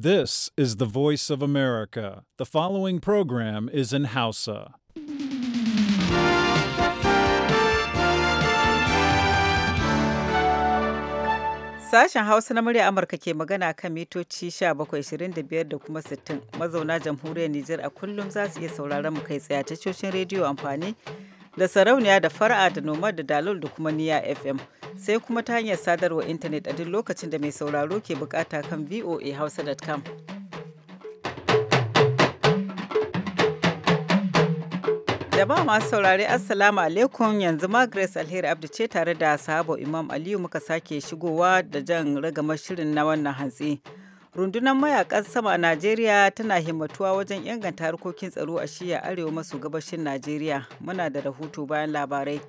This is the voice of America. The following program is in Hausa. Sashen Hausa na murya Amurka ke magana kan mitoci 1725 da kuma 60 mazauna jamhuriyar Nijar a kullum za su iya sauraron mu kai tsaye tashoshin rediyo amfani da sarauniya da far'a da noma da dalol da kuma niya fm sai kuma ta hanyar sadarwa intanet a duk lokacin da mai sauraro ke bukata kan voahausa.com ba masu saurare assalamu alaikum yanzu ma grace alheri abdu ce tare da sahabo imam aliyu muka sake shigowa da jan ragamar shirin na wannan hantsi. rundunar mayakan sama a najeriya tana himmatuwa wajen inganta harkokin tsaro a shiya arewa maso gabashin najeriya muna da rahoto bayan labarai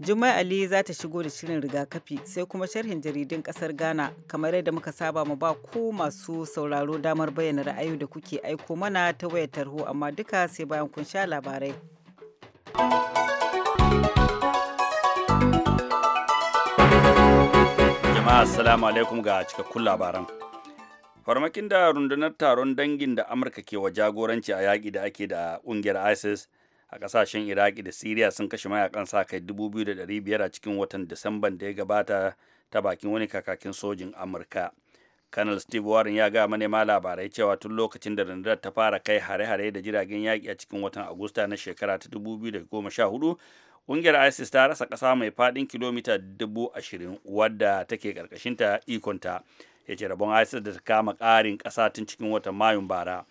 jummai ali za ta shigo da shirin rigakafi sai kuma sharhin jaridun kasar ghana kamar yadda muka saba mu ba ko masu sauraro damar bayyana ra'ayi da kuke aiko mana ta wayar tarho amma duka sai bayan kun sha labarai jama'a assalamu alaikum ga cikakkun labaran farmakin da rundunar taron dangin da amurka ke wa jagoranci a yaƙi da ake da ƙungiyar isis a ƙasashen iraki da siriya sun kashe mayakan sa kai 2,500 a cikin watan disamban da ya gabata ta bakin wani kakakin sojin amurka kanal steve warren ya ga manema labarai cewa tun lokacin da rundunar ta fara kai hare-hare da jiragen yaƙi a cikin watan agusta na shekara ta 2014 ƙungiyar isis ta rasa ƙasa mai faɗin kilomita 20,000 wadda take ƙarƙashinta ikonta ya ce rabon isis da ta kama ƙarin ƙasa tun cikin watan mayun bara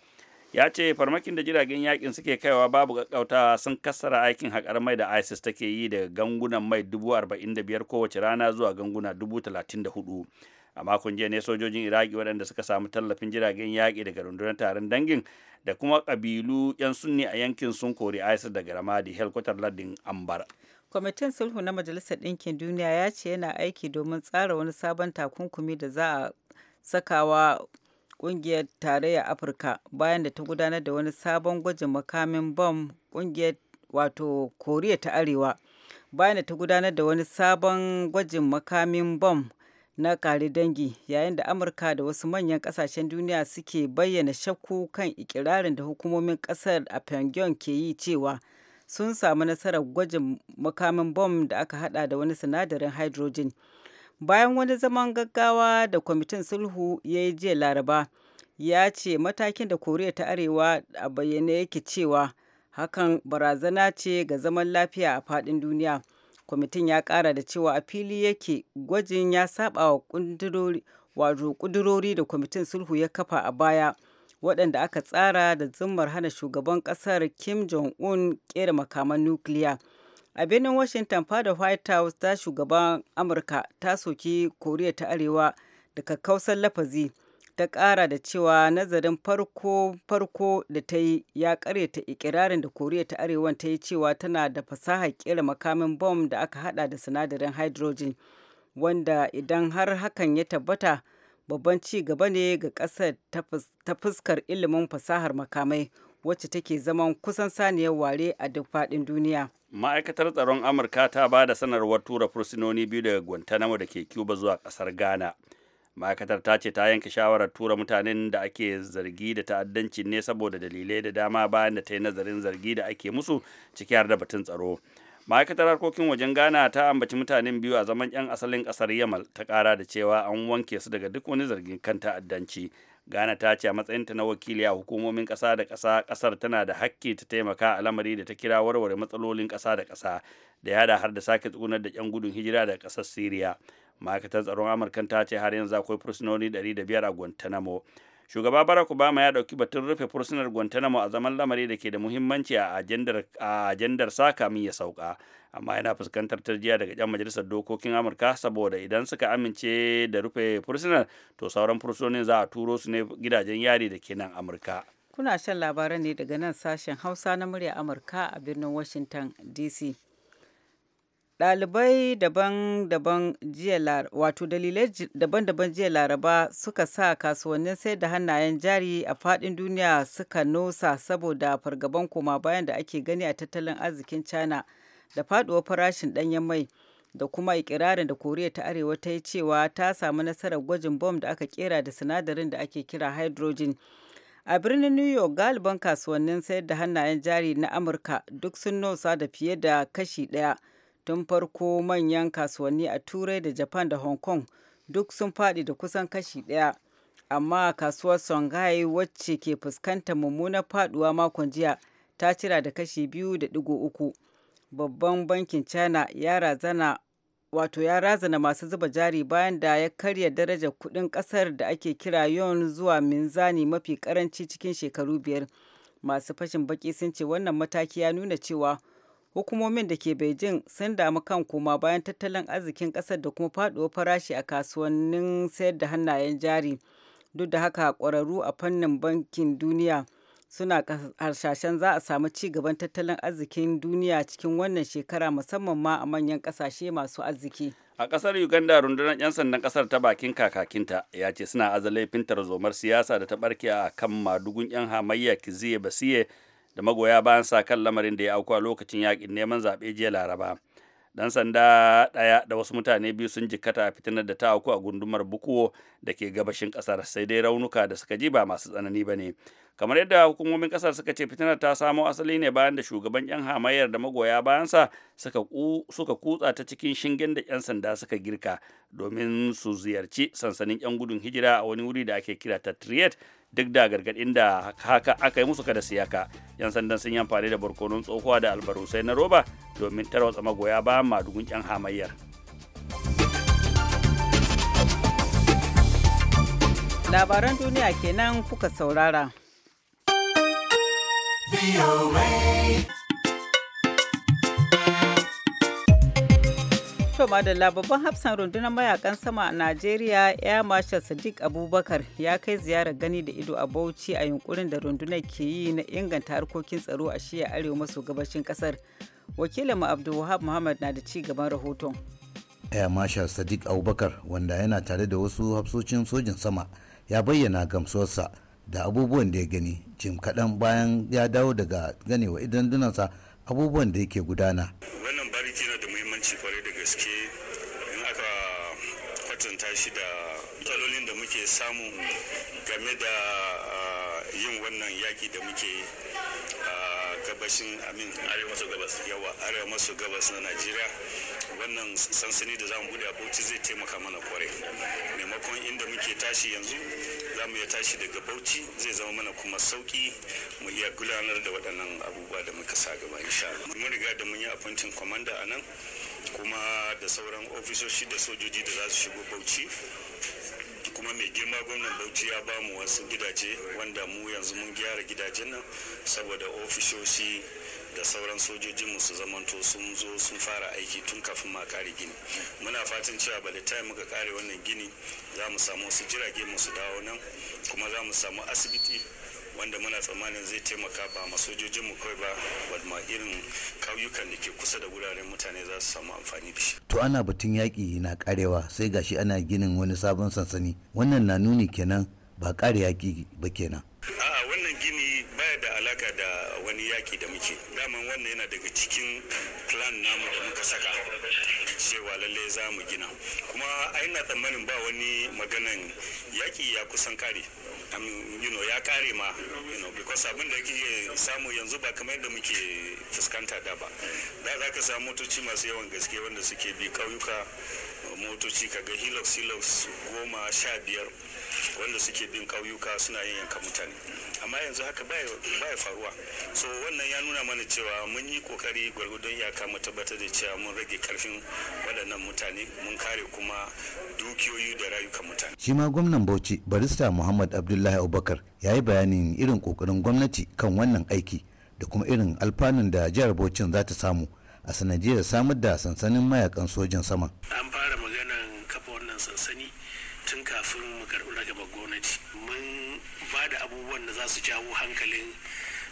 ya ce farmakin da jiragen yakin suke kaiwa babu kakkautawa sun kassara aikin haƙar mai da isis take yi daga gangunan mai dubu arba'in da biyar kowace rana zuwa ganguna dubu talatin da hudu a makon jiya ne sojojin iraki waɗanda suka samu tallafin jiragen yaƙi daga rundunar taron dangin da kuma ƙabilu 'yan sunni a yankin sun kori isis daga ramadi helkwatar ladin ambar kwamitin sulhu na majalisar ɗinkin duniya ya ce yana aiki domin tsara wani sabon takunkumi da za a sakawa kungiyar tarayyar Afirka bayan da ta gudanar da wani sabon gwajin makamin bom kungiyar wato Koriya ta Arewa bayan da ta gudanar da wani sabon gwajin makamin bom na kare dangi yayin da Amurka da wasu manyan kasashen duniya suke bayyana shakku kan ikirarin da hukumomin kasar a Pyongyang ke yi cewa sun samu nasarar gwajin makamin bom da aka hada da wani sinadarin hydrogen. bayan wani zaman gaggawa da kwamitin sulhu ya yi jiya laraba ya ce matakin da koriya ta arewa a bayyane yake cewa hakan barazana ce ga zaman lafiya a fadin duniya kwamitin ya kara da cewa a fili yake gwajin ya saba wa kudurori da kwamitin sulhu ya kafa a baya waɗanda aka tsara da zumar hana shugaban ƙasar kim jong-un ƙera makaman nukiliya. a birnin washington fada white house ta shugaban amurka ta soki koriya ta arewa da kakkausar lafazi ta kara da cewa nazarin farko farko da ta yi ya karyata ikirarin da koriya ta arewa ta yi cewa tana da fasaha kera makamin bom da aka hada da sinadarin hydrogen wanda idan har hakan ya tabbata babban ci gaba ne ga kasar ta fuskar ilimin fasahar makamai wacce take zaman kusan saniyar ware a duk faɗin duniya ma'aikatar tsaron amurka ta ba da sanarwar tura fursunoni biyu daga guantanamo da ke cuba zuwa kasar ghana ma'aikatar ta ce ta yanke shawarar tura mutanen da ake zargi da ta'addanci ne saboda dalilai da dama bayan da ta yi nazarin zargi da ake musu ciki har da batun tsaro ma'aikatar harkokin wajen ghana ta ambaci mutanen biyu a zaman 'yan asalin kasar yamal ta kara da cewa an wanke su daga duk wani zargin kan ta'addanci ghana ta ce a matsayinta na wakili a hukumomin ƙasa da kasa ƙasar tana da hakki ta taimaka a lamari da ta kira warware matsalolin ƙasa da ƙasa da ya har da sake tsugunar da 'yan gudun hijira da ƙasar siriya ma'aikatar tsaron amurka ta ce har yanzu akwai fursunoni 500 a guantanamo shugaba barack obama ya ɗauki batun rufe fursunar guantanamo a zaman lamari da ke da muhimmanci a ajandar sa kamin ya sauka amma yana fuskantar tarjiya daga 'yan majalisar dokokin amurka saboda idan suka amince da rufe fursunan to sauran fursunonin za a turo su ne gidajen yari da kenan amurka kuna shan labaran ne daga nan sashen hausa na murya amurka a birnin washington dc ɗalibai daban-daban jiya laraba wato dalilai daban-daban jiya laraba suka sa kasuwannin sai da hannayen jari a faɗin duniya suka nosa saboda fargaban koma bayan da ake gani a tattalin arzikin china da faduwar farashin ɗanyen mai da kuma ikirarin da koriya ta arewa ta yi cewa ta samu nasarar gwajin bom da aka kera da sinadarin da ake kira hydrogen a birnin new york galiban kasuwannin sayar da hannayen jari na amurka duk sun nosa da fiye da kashi ɗaya tun farko manyan kasuwanni a turai da japan da hong kong duk sun faɗi da kusan kashi ɗaya amma kasuwar songhai wacce ke fuskantar mummunar faduwa makon jiya ta cira da kashi biyu da digo uku babban bankin china ya razana wato ya razana masu zuba jari bayan da ya karya darajar kudin kasar da ake kira yawan zuwa minzani mafi karanci cikin shekaru biyar masu fashin baki sun ce wannan mataki ya nuna cewa hukumomin da ke beijing sun damu kan koma bayan tattalin arzikin kasar da kuma faduwar farashi a kasuwannin sayar da hannayen jari duk da haka kwararru a fannin bankin duniya suna harsashen za a samu ci gaban tattalin arzikin duniya cikin wannan shekara musamman ma a manyan kasashe masu arziki. A kasar Uganda rundunar 'yan sandan kasar ta bakin kakakinta ya ce suna aza laifin tarzomar siyasa da ta barke a kan madugun 'yan hamayya Kiziye Basiye da magoya bayan sa kan lamarin da ya auku a lokacin yakin neman zaɓe jiya Laraba. dan sanda ɗaya da wasu mutane biyu sun jikkata a fitinar da ta auku a gundumar bukuwo da ke gabashin ƙasar sai dai raunuka da suka ji ba masu tsanani ba ne kamar yadda hukumomin ƙasar suka ce fitinar ta samo asali ne bayan da shugaban yan hamayyar da magoya bayansa suka suka kutsa ta cikin shingen da yan sanda suka girka domin su ziyarci sansanin yan gudun hijira a wani wuri da ake kira ta triet duk da gargaɗin da haka aka yi musu kada su yaka yan sandan sun yi amfani da barkonon tsohuwa da albarusai na roba domin tarwatsa magoya ba madugun yan hamayyar labaran duniya kenan kuka saurara. To madalla babban hafsan rundunar mayakan sama a Najeriya Air Marshal Sadiq Abubakar ya kai ziyarar gani da ido a Bauchi a yunkurin da rundunar ke yi na inganta harkokin tsaro a shiya arewa maso gabashin kasar. wakilin Wakilinmu Abdulwahab Muhammad na da ci gaban rahoton. Air Marshal Sadiq Abubakar wanda yana tare da wasu hafsocin sojin sama ya bayyana gamsuwarsa da abubuwan da ya gani jim kaɗan bayan ya dawo daga ganewa idan dunansa abubuwan da yake gudana wannan bariki yana da muhimmanci kwarai da gaske in aka kwatanta shi da tsalolin da muke samu game da ah, yin wannan yaki da muke gabashin amin yawa arewa maso gabas na najeriya wannan sansani da za mu bude a bauchi zai taimaka mana kwarai maimakon inda muke tashi yanzu za mu iya tashi daga bauchi zai zama mana kuma sauki mu iya gudanar da waɗannan abubuwa da muka sa gaba insha Allah mun riga da mun yi appointing commander a nan kuma da sauran ofisoshi da sojoji da za su shigo bauchi kuma mai girma gwamnan bauchi ya ba mu wasu gidaje wanda mu yanzu mun gyara gidajen nan saboda ofishoshi da sauran sojojin su zamanto sun zo sun fara aiki tun kafin ma kare gini muna fatan cewa ba time muka kare wannan gini za mu samu wasu jirage mu su dawo nan kuma za mu samu asibiti wanda muna tsammanin zai taimaka ba ma mu kawai ba ba irin kauyukan da ke kusa da wuraren mutane za su samu amfani da shi to ana batun yaƙi na karewa sai gashi ana ginin wani sabon sansani wannan na nuni kenan ba ƙare yaƙi ba kenan a'a wannan gini baya da alaka da wani yaƙi da muke daman wannan yana daga cikin plan namu da muka saka cewa lalle za mu gina kuma a ina tsammanin ba wani maganan yaƙi ya kusan kare you know, ya kare ma you know, because abin da kike samu yanzu ba kamar yadda muke fuskanta da ba da za ka samu motoci masu yawan gaske wanda suke bi kauyuka motoci kaga hilux hilux goma sha biyar wanda suke bin kauyuka suna yin yanka mutane amma yanzu haka baya faruwa so wannan ya nuna mana cewa mun yi kokari gwargwadon iyaka mu tabbatar da cewa mun rage karfin waɗannan mutane mun kare kuma dukiyoyi da rayukan mutane shi ma gwamnan bauchi barista muhammad abdullahi abubakar ya yi bayanin irin kokarin gwamnati kan wannan aiki da kuma irin alfanun da jihar bauchin za ta samu a sanadiyar samar da sansanin mayakan sojin sama su jawo hankalin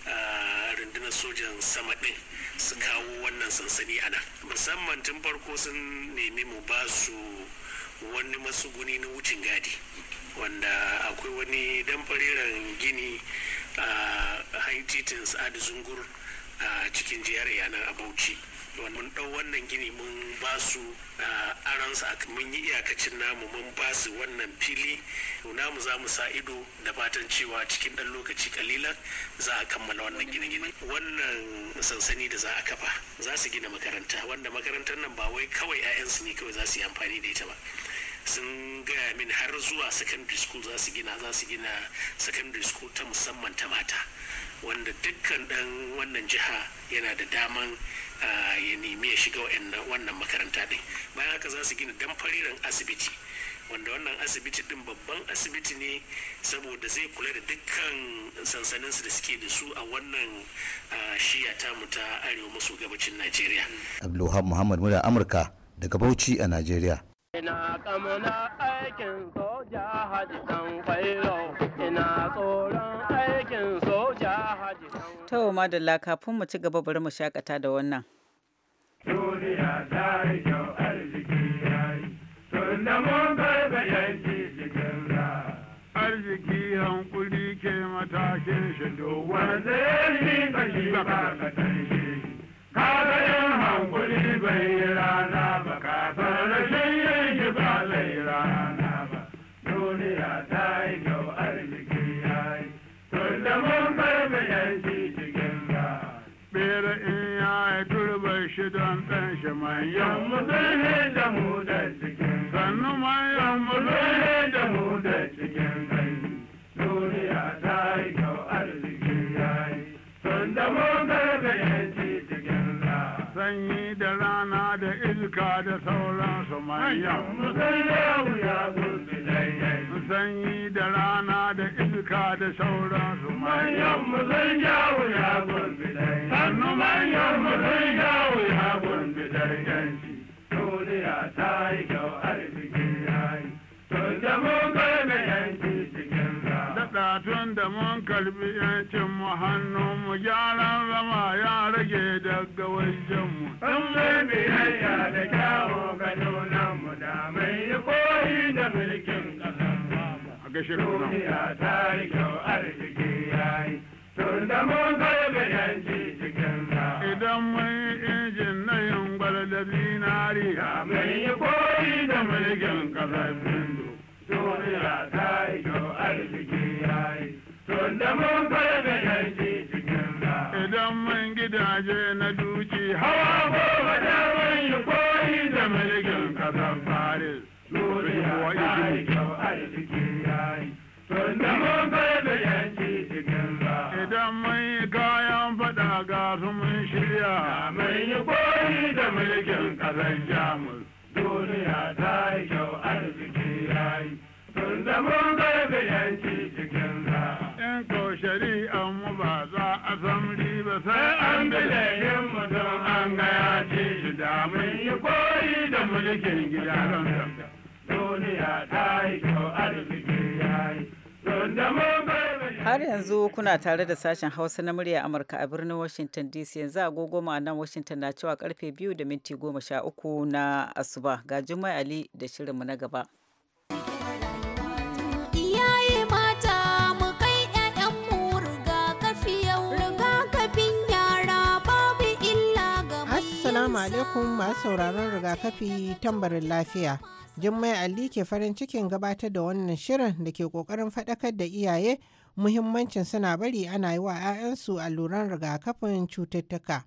ah, rundunar sojan sama ɗin su kawo wannan sansani a musamman tun farko sun nemi mu ba su wani matsuguni na wucin gadi wanda akwai wani dan fariran gini ah, ah, a titin sa'adu zungur a cikin jihar yanar a bauchi mun ɗau wannan gini mun ba su aransa mun yi iyakacin namu mun ba su wannan fili namu za mu sa ido da fatan cewa cikin ɗan lokaci kalilan za a kammala wannan gine-gine wannan sansani da za a kafa za su gina makaranta wanda makarantar nan ba wai kawai 'ya'yansu ne kawai za su yi amfani da ita ba sun gaya min har zuwa secondary school za su gina za su gina secondary school ta musamman ta mata wanda dukkan ɗan wannan jiha yana da daman ya nemi ya shiga wannan makaranta ɗin bayan haka za su gina damfariran asibiti wanda wannan asibiti ɗin babban asibiti ne saboda zai kula da dukkan sansaninsu da suke da su a wannan shiya ta ta arewa maso gabacin najeriya abdulhamid muhammad mura amurka daga bauchi a najeriya ina kamuna aikin soja hajji dan kwairo ina tsoro To madalla kafin mu ci gaba bari mu shakata da wannan. Duniya ta yi kyau arziki yayi, tun da mun karɓe yanki cikin ra. Arziki hankuli ke matashin shi to wanda ya yi kashi ba ka kaɗan Kaga yin hankuli bai yi rana ba. shi don ɗan shi mai yau. zane da mu da cikin sannu mai yau. Mu zane da mu da cikin gani. Duniya ta yi kyau arziki ya yi. Sun da mu garbe yanci cikin za. Sanyi da rana da iska da sauransu mai yau. Mu zane da wuya gurbi yi. sanyi da rana da iska da sauran sauransu manyan mu zai ya gurbi dai sannu manyan mu zai ya gurbi dai yanci duniya ta yi kyau arziki ya yi tun da mun karbi yanci cikin za daɗa tun da mun karbi yancin mu hannun mu gyaran zama ya rage daga wajen mu in mai biyayya da kyawo ga nunan mu da mai koyi da mulki gaishe ruwan. nan ta yi kyau arziki yayi tun da mun karbe yanci cikin ka idan mun injin na yin gwal da zinariya mun yi koyi da mulkin kasar hindu duniya ta yi kyau arziki yayi tun da mun karbe yanci cikin ka idan mun gidaje na duki hawa ko yi koyi gida Har yanzu kuna tare da sashen Hausa na murya Amurka a birnin Washington DC yanzu agogo nan Washington na cewa karfe biyu da minti goma sha uku na asuba ga Jummai Ali da shirinmu na gaba. alaikum masu sauraron rigakafi tambarin lafiya. Jummai Ali ke farin cikin gabatar da wannan shirin da ke kokarin faɗakar da iyaye muhimmancin suna bari ana yi wa 'ya'yansu alluran rigakafin cututtuka.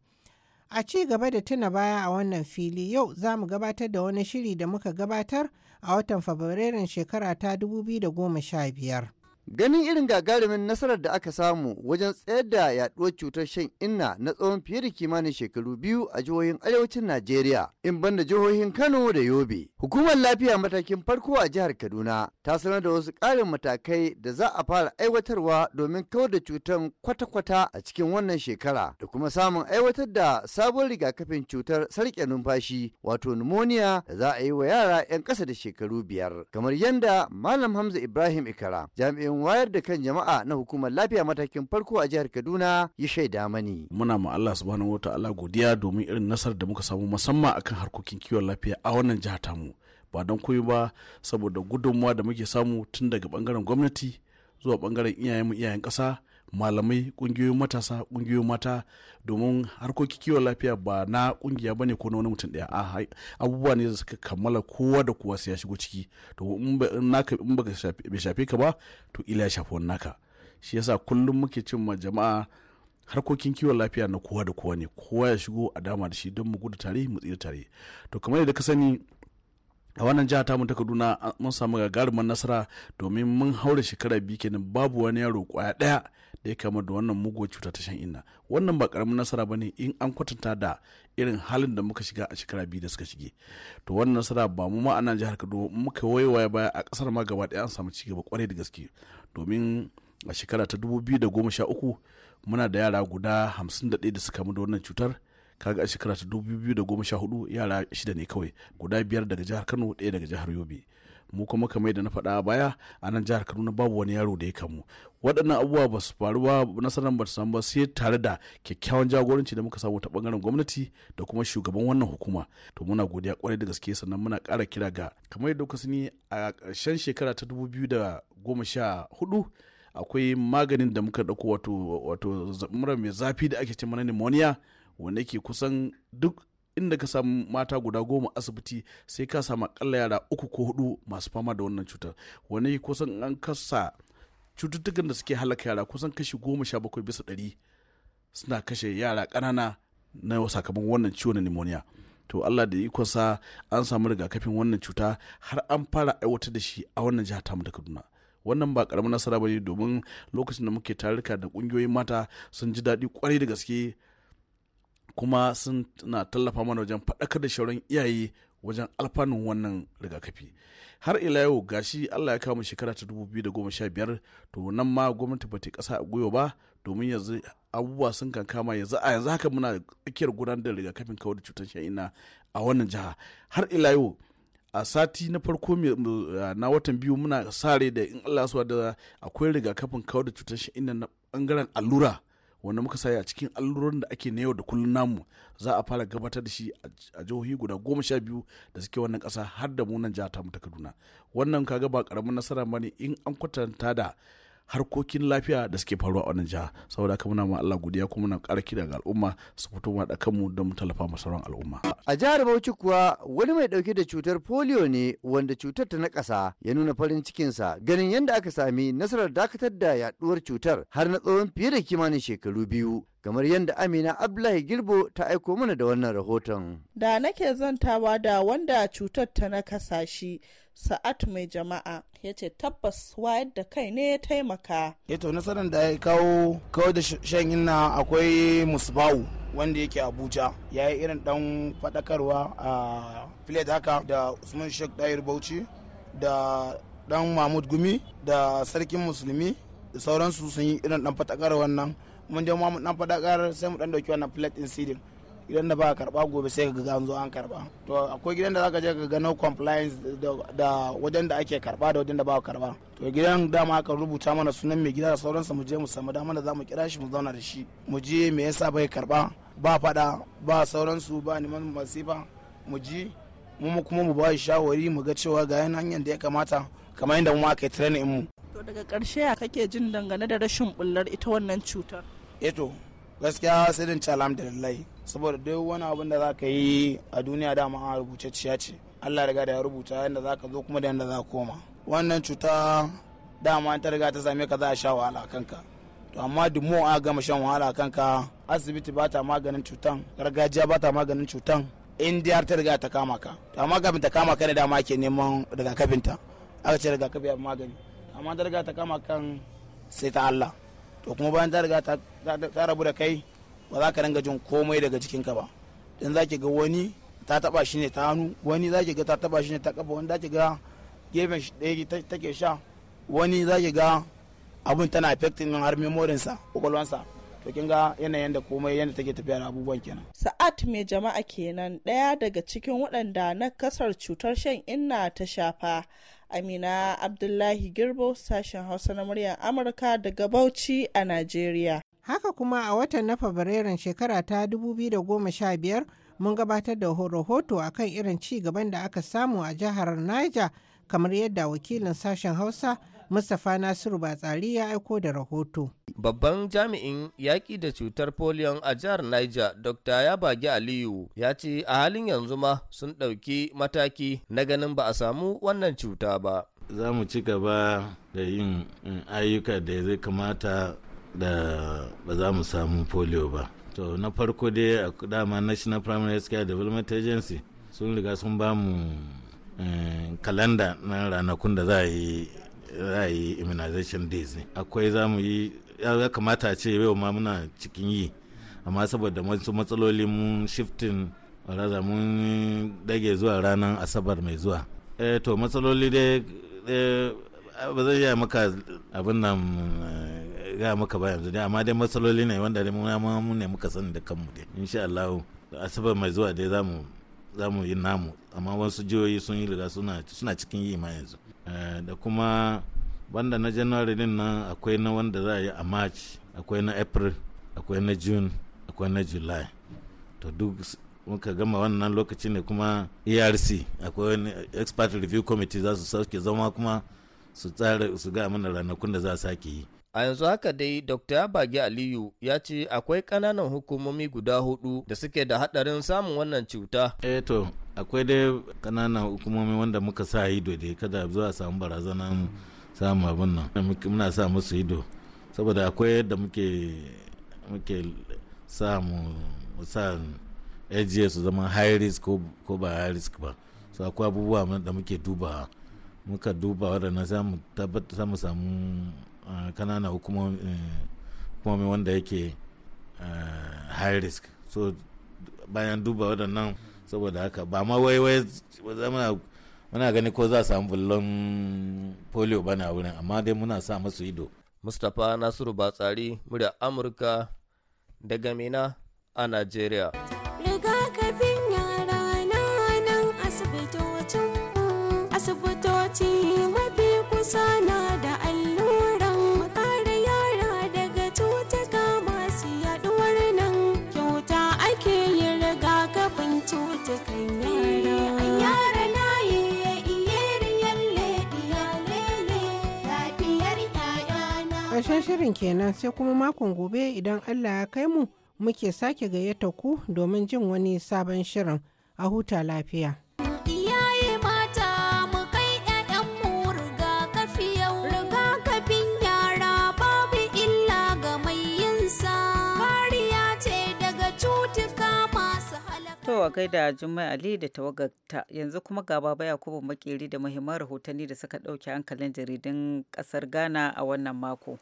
A ci gaba da tuna baya a wannan fili yau za mu gabatar da wani shiri da muka gabatar a watan Fabrairun shekara ta biyar. Ganin irin gagarumin nasarar da aka samu wajen tsayar da yaduwar cutar shan inna na tsawon fiye da kimanin shekaru biyu a jihohin arewacin Najeriya, in banda jihohin Kano da Yobe. Hukumar lafiya matakin farko a jihar Kaduna ta sanar da wasu ƙarin matakai da za a fara aiwatarwa domin kawar da cutar kwata-kwata a cikin wannan shekara da kuma samun aiwatar da sabon rigakafin cutar sarƙe numfashi wato pneumonia da za a yi wa yara 'yan ƙasa da shekaru biyar. Kamar yadda Malam Hamza Ibrahim Ikara jami'in kwamitin wayar da kan jama'a na hukumar lafiya matakin farko a jihar Kaduna ya shaida mani. Muna ma Allah subhanahu wa ta'ala godiya domin irin nasarar da muka samu musamman akan harkokin kiwon lafiya a wannan jihar tamu. Ba don koyi ba saboda gudunmuwa da muke samu tun daga bangaren gwamnati zuwa bangaren iyayen mu iyayen ƙasa malamai kungiyoyin matasa kungiyoyin mata domin harkokin kiwon lafiya ba na kungiya bane ko na wani mutum daya a abubuwa ne da suka kammala kowa da kowa sai ya shigo ciki to in naka in baka bai shafe ka ba to ila ya shafi wannan naka shi yasa kullum muke cin ma jama'a harkokin kiwon lafiya na kowa da kowa ne kowa ya shigo a dama da shi don mu gudu tare mu tsira tare to kamar yadda ka sani a wannan jiha tamu ta kaduna mun samu gagarumin nasara domin mun haura shekara biyu kenan babu wani yaro kwaya daya da ya kama da wannan mugu cuta ta shan inna wannan ba karamin nasara ba ne in an kwatanta da irin halin da muka shiga a shekara biyu da suka shige to wannan nasara ba mu ma nan jihar kaduna muka waiwaya baya a kasar ma gaba daya an samu ci cigaba kwarai da gaske domin a shekara ta 2013 muna da yara guda 51 da suka kamu da wannan cutar kaga a shekara ta 2014 yara shida ne kawai guda biyar daga jihar kano ɗaya daga jihar yobe mu kuma kamar da na faɗa a baya a nan jihar kano na babu wani yaro da ya kamu waɗannan abubuwa ba su faru ba nasarar ba samu ba sai tare da kyakkyawan jagoranci da muka samu ta bangaren gwamnati da kuma shugaban wannan hukuma to muna godiya kwarai da gaske sannan muna ƙara kira ga kamar yadda kuka sani a ƙarshen shekara ta dubu biyu da goma sha hudu akwai maganin da muka ɗauko wato wato mai zafi da ake ce mana pneumonia wanda ke kusan duk inda ka samu mata guda goma asibiti sai ka samu akalla yara uku ko hudu masu fama da wannan cutar wanda ke kusan an kasa cututtukan da suke halaka yara kusan kashi goma sha bakwai bisa ɗari suna kashe yara ƙanana na sakamakon wannan ciwo na pneumonia to Allah da sa an samu rigakafin wannan cuta har an fara aiwatar da shi a wannan jihar tamu da Kaduna wannan ba karamin nasara bane domin lokacin da muke tarika da kungiyoyin mata sun ji daɗi kwarai da gaske kuma sun na tallafa mana wajen faɗakar da shauran iyaye wajen alfanun wannan rigakafi har ila yau gashi allah ya kama shekara ta 2015 to nan ma gwamnati ba ta kasa a gwiwa ba domin yanzu abubuwa sun kan kama yanzu a yanzu haka muna tsakiyar gudanar da rigakafin kawai da cutar sha'ina a wannan jiha har ila yau a sati na farko na watan biyu muna sare da in allah suwa da akwai rigakafin kawai da cutar sha'ina na bangaren allura wanda muka saya a cikin allurorin da ake na yau da kullun namu za a fara gabatar da shi a jihohi guda goma sha biyu da suke wannan ƙasa har da mu nan jihar mu ta kaduna wannan kaga ba ƙaramin nasara ba ne in an kwatanta da harkokin lafiya da suke faruwa a wannan jiha saboda haka muna ma Allah godiya kuma muna ƙara daga al'umma su fito ma da kanmu don mu tallafa ma sauran al'umma a jihar Bauchi kuwa wani mai dauke da cutar polio ne wanda cutar ta na ƙasa ya nuna farin cikin sa ganin yadda aka sami nasarar dakatar da yaduwar cutar har na tsawon fiye da kimanin shekaru biyu kamar yadda amina abdullahi girbo ta aiko mana da wannan rahoton da nake zantawa da wanda cutar ta na kasashe sa'at mai jama'a ya ce tabbas wayar da kai ne ya taimaka eto eh nasarar da ya kawo kawo da shan inna akwai musbahu wanda yake abuja ya yi irin dan fadakarwa a filet haka da usman sheikh dair bauchi da dan mahmud gumi da sarkin musulmi da sauransu sun yi irin dan fadakarwa wannan mun je mu dan fadakar sai mu dan dauki wannan filet din sidin Gidan da ba a karba gobe sai ga an zo an karba to akwai gidan da zaka je ka ga no compliance da wajen da ake karba da wajen da ba a karba to gidan dama aka rubuta mana sunan mai gida da sauransa mu je mu samu dama da zamu kira shi mu zauna da shi mu je me yasa bai karba ba fada ba sauransu ba neman masifa mu ji mu kuma mu ba shi shawari mu ga cewa ga yan hanyar da ya kamata kamar yadda mu aka yi training mu to daga karshe ya kake jin dangane da rashin bullar ita wannan cutar eto eh gaskiya sai din ci alhamdulillah saboda duk wani abin da za ka yi a duniya ma a rubutacciya ce allah riga da ya rubuta yadda za ka zo kuma da yadda za ka koma wannan cuta dama ta riga ta same ka za a sha wahala kanka to amma duk mu a gama shan wahala kanka asibiti ba ta maganin cutan gargajiya ba ta maganin cutan indiyar ta riga ta kama ka to amma kafin ta kama ka ne dama ke neman rigakafin ta aka ce rigakafi ya magani amma ta riga ta kama kan sai ta allah to kuma bayan ta riga ta rabu da kai ba za ka ringa jin komai daga jikinka ba dan za ki ga wani ta taba shi ne ta hannu wani za ki ga ta taba shi ne ta kafa wani za ki ga gefen shi ɗaya take sha wani za ki ga abun tana affecting har memorin memorinsa kwakwalwansa to kin ga yanayin da komai yadda take tafiya da abubuwan kenan. Sa'at mai jama'a kenan ɗaya daga cikin waɗanda na kasar cutar shan inna ta shafa. Amina Abdullahi Girbo sashen Hausa na muryar Amurka daga Bauchi a Najeriya. Haka kuma a watan na Fabrairun shekara ta 2015 mun gabatar da rahoto a kan irin ci gaban da aka samu a jihar Niger kamar yadda wakilin sashen Hausa Mustapha Nasiru Batsari ya aiko da rahoto. Babban jami'in yaƙi da cutar polion a jihar Niger, Dr. Yabagi Aliyu, ya ce a halin yanzu ma sun ɗauki mataki na ganin ba a samu wannan cuta ba. Za mu ci gaba da yin ayyuka da zai kamata da ba za mu samu polio ba to na farko dai a dama national primary care development agency sun riga sun ba mu kalanda eh, na ranakun da za a yi za yi immunization days ne akwai za mu yi ya kamata a ce yau ma muna cikin yi amma saboda wasu matsaloli mun shifting raza mun dage zuwa ranar asabar mai zuwa eh to matsaloli dai eh, ba zai yi maka abin nan eh, ga maka ba yanzu amma dai matsaloli ne wanda muna mu ne muka sani da kanmu dai insha Allah asabar mai zuwa dai zamu zamu yi namu amma wasu jihohi sun yi riga suna suna cikin yi ma yanzu eh, da kuma banda na january din nan akwai na wanda za a yi a march akwai na april akwai na june akwai na july to duk muka gama wannan lokaci ne kuma erc akwai wani expert review committee za su sauke zama kuma su tsara su ga mana ranakun da za a sake yi a yanzu haka dai dr bagi aliyu ya ce akwai ƙananan hukumomi guda hudu da suke da hadarin samun wannan cuta eto eh akwai dai kananan hukumomi wanda muka sa ido dai kada zuwa samu barazanan samun abin nan muna sa musu ido saboda akwai yadda muke muke samu sa su zama high risk ko ba high risk ba so akwai abubuwa da muke dubawa muka duba waɗanda za mu tabbata mu samu kanana eh, hukumomi wanda yake eh, high risk so bayan duba waɗannan saboda haka ba ma wai wai muna gani ko za a samu bullon polio ba na wurin amma dai muna sa masu ido mustapha nasiru batsari murya amurka daga mina a nigeria sana da alluran kare yara daga cutuka masu yaduwar nan kyauta ake yin rigakafin cutukan yara na lele ƙarshen shirin kenan sai kuma makon gobe idan Allah ya kai mu muke sake gayyata ku domin jin wani sabon shirin a huta lafiya. a gaida Jummai Ali da tawagarta yanzu kuma ga baba Yakubu Makeri da muhimman rahotanni da suka ɗauke hankalin jaridun ƙasar Ghana a wannan mako.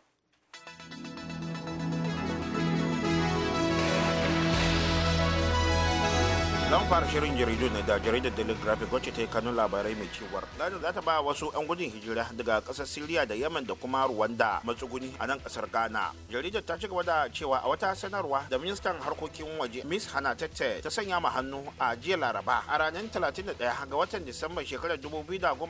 zan fara shirin jaridu ne da jaridar daily graphic wacce ta yi kanun labarai mai cewar lajin za ta ba wasu 'yan gudun hijira daga kasar siriya da yemen da kuma ruwanda matsuguni a nan kasar ghana jaridar ta ci gaba da cewa a wata sanarwa da ministan harkokin waje miss hana tete ta sanya ma hannu a jiya laraba a ranar ɗaya ga watan disamba shekarar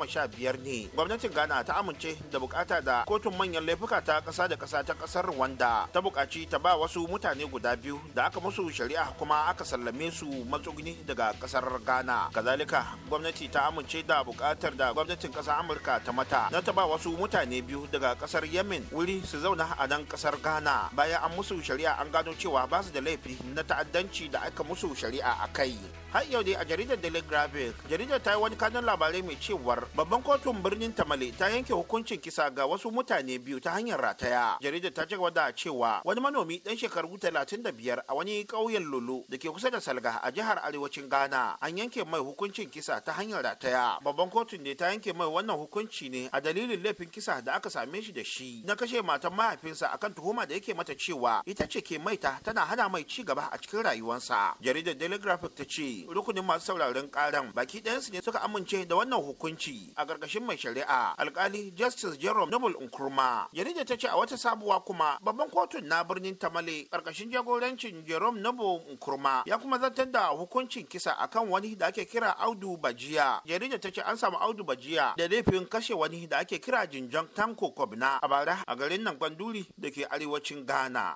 sha biyar ne gwamnatin ghana ta amince da bukata da kotun manyan laifuka ta kasa da kasa ta kasar ruwanda ta bukaci ta ba wasu mutane guda biyu da aka musu shari'a kuma aka sallame su matsuguni ne daga kasar ghana kazalika gwamnati ta amince da bukatar da gwamnatin kasar amurka ta mata na taba wasu mutane biyu daga kasar yemen wuri su zauna a nan kasar ghana bayan an musu shari'a an gano cewa ba su da laifi na ta'addanci da aka musu shari'a a kai har yau dai a jaridar daily graphic jaridar ta yi wani kanun labarai mai cewar babban kotun birnin tamale ta yanke hukuncin kisa ga wasu mutane biyu ta hanyar rataya jaridar ta ci da cewa wani manomi dan shekaru 35 a wani ƙauyen lolo da ke kusa da salga a jihar arewacin ghana an yanke mai hukuncin kisa ta hanyar rataya babban kotun ne ta yanke mai wannan hukunci ne a dalilin laifin kisa da aka same shi da shi na kashe matan mahaifinsa akan tuhuma da yake mata cewa ita ce ke maita tana hana mai ci gaba a cikin rayuwarsa jaridar daily graphic ta ce rukunin masu sauraron karan baki ɗayansu ne suka amince da wannan hukunci a ƙarƙashin mai shari'a alkali justice jerome noble nkrumah jaridar ta ce a wata sabuwa kuma babban kotun na birnin tamale ƙarƙashin jagorancin jerome noble nkrumah ya kuma zartar da hukunci hukuncin kisa akan wani da ake kira Audu Bajiya. Jaridar ta ce an samu Audu Bajiya da laifin kashe wani da ake kira Jinjan Tanko Kobna a bara a garin nan gwanduri da ke arewacin Ghana.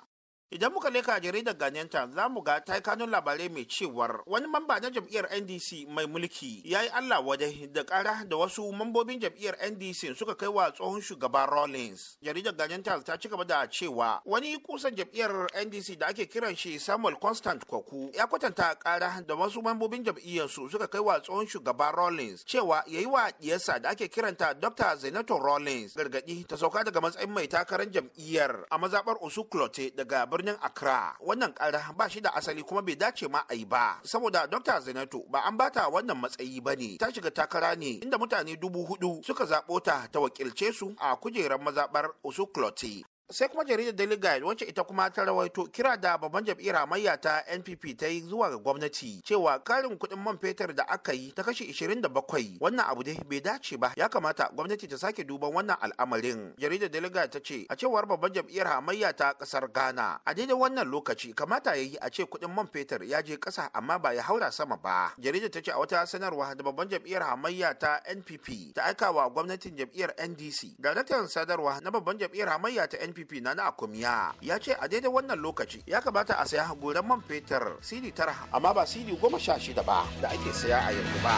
Idan muka leka jaridar ganyanta za mu ga ta kanun labarai mai cewar wani mamba na jam'iyyar NDC mai mulki ya yi Allah waje da kara da wasu mambobin jam'iyyar NDC suka kai wa tsohon shugaban Rawlings. Jaridar ganyanta ta ta da cewa wani kusan jam'iyyar NDC da ake kiran shi Samuel Constant Kwaku ya kwatanta kara da wasu mambobin su suka kai wa tsohon shugaban Rawlings cewa yayi wa diyarsa da ake kiranta Dr. Zainato Rawlings gargadi ta sauka daga matsayin mai takarar jam'iyyar a mazaɓar Clote daga birnin accra wannan ƙara ba shi da asali kuma bai dace ma a yi ba saboda dr zainatu ba an bata wannan matsayi ba ne ta shiga takara ne inda mutane dubu hudu suka zaɓo ta ta wakilce su a kujerar mazaɓar usukloti sai kuma jaridar daily guide wacce ita kuma ta rawaito kira da babban jam'iyyar hamayya ta npp ta yi zuwa ga gwamnati cewa karin kuɗin man fetur da aka yi ta kashi 27 wannan abu dai bai dace ba ya kamata gwamnati ta sake duban wannan al'amarin jaridar daily guide ta ce a cewar babban jam'iyyar hamayya ta ƙasar ghana a daidai wannan lokaci kamata ya yi a ce kuɗin man fetur ya je ƙasa amma ba ya haura sama ba jaridar ta ce a wata sanarwa da babban jam'iyyar hamayya ta npp ta aika wa gwamnatin jam'iyyar ndc daraktan sadarwa na babban jam'iyyar hamayya ta npp DPP na na kumiya ya ce a daidai wannan lokaci ya kamata a saya goren man fetur CD tara amma ba cd goma sha shida ba da ake saya a yanzu ba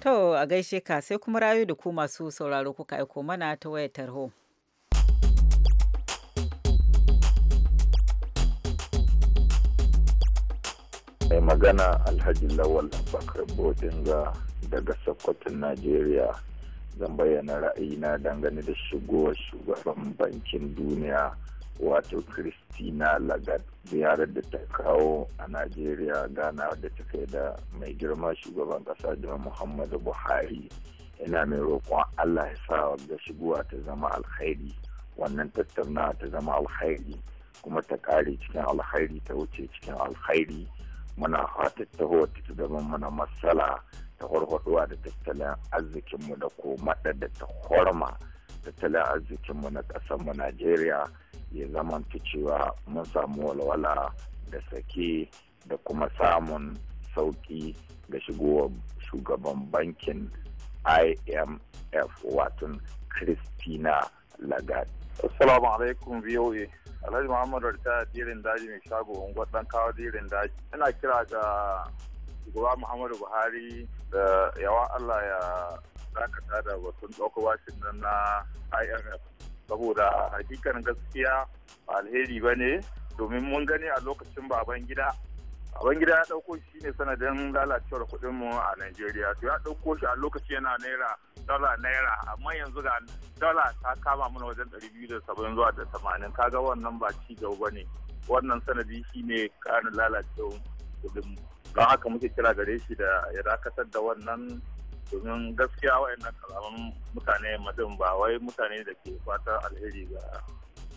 to a gaishe ka sai kuma rayu da ku masu sauraro kuka aiko mana ta wayar tarho mai magana alhaji lawal bakar bodinga daga sokoton najeriya zan bayyana ra'ayina dangane da shigowar shugaban bankin duniya wato christina lagarde ziyarar da ta kawo a najeriya ghana da ta kai da mai girma shugaban kasa jiran muhammadu buhari ina mai roƙon allah ya sa da shigowa ta zama alkhairi wannan tattaunawa ta zama alkhairi kuma ta kare cikin alkhairi ta wuce cikin alkhairi muna fatar ta ta zama mana matsala tahwarwaduwa da tattalin arzikinmu da ko da ta horma tattalin arzikinmu na ƙasarmu najeriya ya zama cewa mun samu walwala da sake da kuma samun sauƙi ga shigowar shugaban bankin imf watan christina lagarde assalamu alaikum voa alhaji muhammadu ta dirin daji mai shago unguwar dan kawo dirin daji ina kira ga shugaba muhammadu buhari da yawa allah ya dakata da batun ɗauka bashin nan na imf saboda hakikanin gaskiya alheri ba ne domin mun gani a lokacin baban gida baban gida ya ɗauko shi ne sanadin lalacewar kuɗin mu a najeriya to ya ɗauko shi a lokaci yana naira dala naira amma yanzu ga dala ta kama mana wajen ɗari biyu da zuwa da tamanin kaga wannan ba ci gaba ba ne wannan sanadi shi ne ƙarin lalacewar kuɗin mu don haka muke kira gare shi da ya dakatar da wannan domin gaskiya waɗannan kalaman mutane madin ba wai mutane da ke fata alheri ga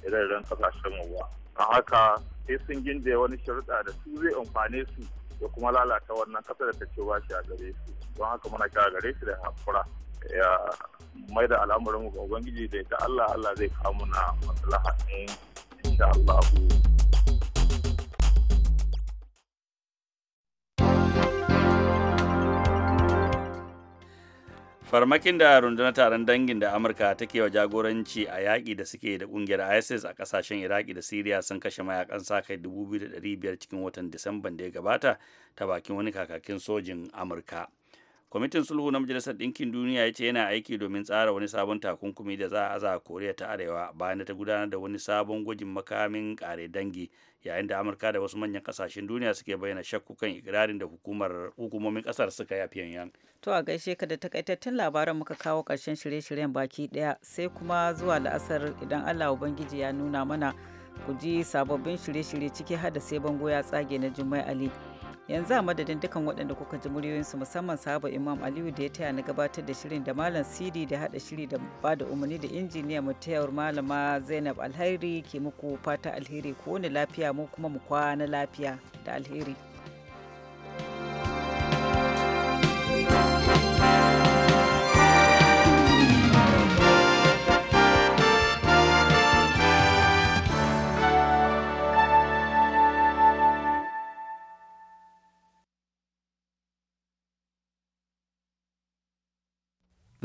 irin kasashen mu ba don haka sai sun ginde wani sharuɗa da su zai amfane su da kuma lalata wannan kasa da ta ce ba shi a gare su don haka muna kira gare shi da hakura ya mai da al'amuran ga ubangiji da ta Allah Allah zai kawo muna maslaha in insha Allah farmakin da rundunar taron dangin da amurka take wa jagoranci a yaƙi da suke da ƙungiyar isis a ƙasashen iraki da siriya sun kashe mayakan sa kai 2,500 cikin watan disamban da ya gabata ta bakin wani kakakin sojin amurka kwamitin sulhu na majalisar ɗinkin duniya ya ce yana aiki domin tsara wani sabon takunkumi da za a aza koriya ta arewa bayan da ta gudanar da wani sabon gwajin makamin kare dangi yayin da amurka da wasu manyan kasashen duniya suke bayyana shakku kan ikirarin da hukumar hukumomin ƙasar suka yi a pyongyang to a gaishe ka da takaitattun labaran muka kawo karshen shirye-shiryen baki ɗaya sai kuma zuwa la'asar idan allah ubangiji ya nuna mana ku ji sababbin shirye-shirye ciki har da sai bango ya tsage na jummai ali yanzu a madadin dukkan waɗanda kuka ji muryoyinsu musamman sahaba imam aliyu da ya taya na gabatar da shirin da malam sidi da haɗa shiri da ba da umarni da injiniya mu tayar malama zainab alheri ke muku fata alheri ko wani lafiya mu kuma mu kwana lafiya da alheri